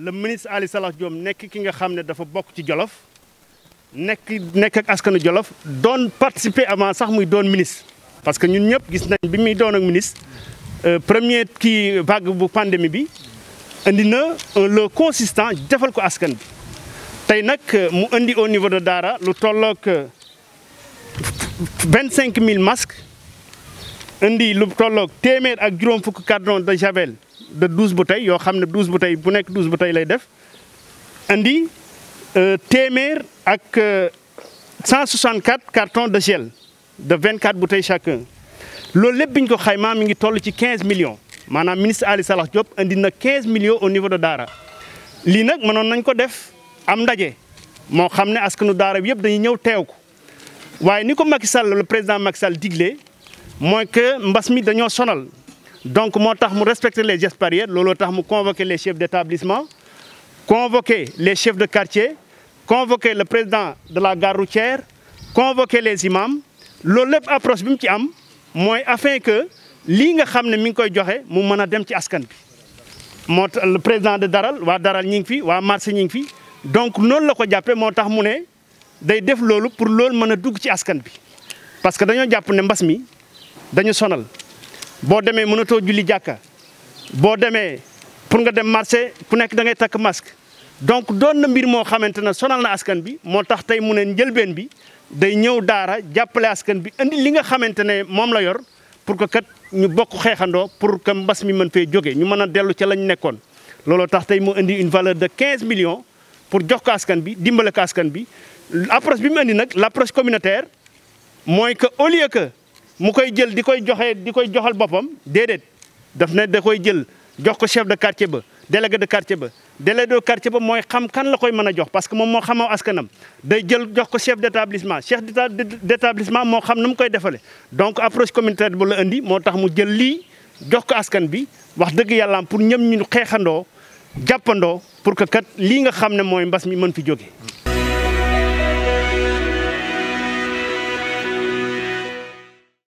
le ministre Ali Salah Diom nek ki nga xamne dafa bok ci Jolof nek nek ak askanu Jolof doon participer avant sax muy doon ministre parce que ñun ñëpp gis nañ bi muy doon ak ministre euh, premier kii vague bu pandémie bi indi na un lot consistant defal ko askan bi tey nag euh, mu indi au niveau de Dara lu tollook 25000 euh, masques indi lu tollook téeméer ak juroom fukk cardon de javel de 12 bouteilles yo xam 12 bouteilles bu nek 12 bouteilles lay def andi euh, ak 164 euh, cartons de gel de 24 bouteilles chacun Ce ko mi 15 millions manam ministre Ali Salah Diop andi na 15 millions au niveau de Dara li nak manon nañ ko def am ndaje mo askanu bi dañuy ñew le président Macky Sall diglé mooy que mi sonal donc je respecte respecter les gestes barrières je tax convoquer les chefs d'établissement convoquer les chefs de quartier convoquer le président de la gare routière convoquer les imams ce lépp approche bi ci am afin que lii nga xam ne mi ngi koy joxe mu mën askan le président de Daral ou Daral ñi ou fi waa marché fi donc non la ko jàppee moo tax mu ne day def loolu pour loolu mën a dugg ci askan bi parce que nous, jàpp ne mbas mi dañu sonal bo démé mënoto julli jakka bo démé pour nga dem marché ku nek da ngay tak masque donc don na mbir mo xamantena sonal na askan bi motax tay mune ben bi day ñëw daara jappalé askan bi andi li nga xamantene mom la yor pour que kat ñu bokk xéxando pour que mbass mi mën fay joggé ñu mëna déllu ci lañ nekkon lolo tax tay mo andi une valeur de 15 millions pour jox ko askan bi dimbalé ko askan bi approche bi mëni nak l'approche communautaire moy que au lieu que mu koy jël di koy joxe di koy joxal boppam déedéet daf ne da koy jël jox ko chef de quartier ba délégué de quartier ba délégué de quartier ba mooy xam kan la koy mën a jox parce que moom moo xamoo askanam day jël jox ko chef d' établissement chef d' établissement xam nu koy defale donc approche communautaire bu la indi moo tax mu jël lii jox ko askan bi wax dëgg yàllaam pour ñëm ñu xeexandoo jàppandoo pour que kat lii nga xam ne mooy mi mën fi jóge.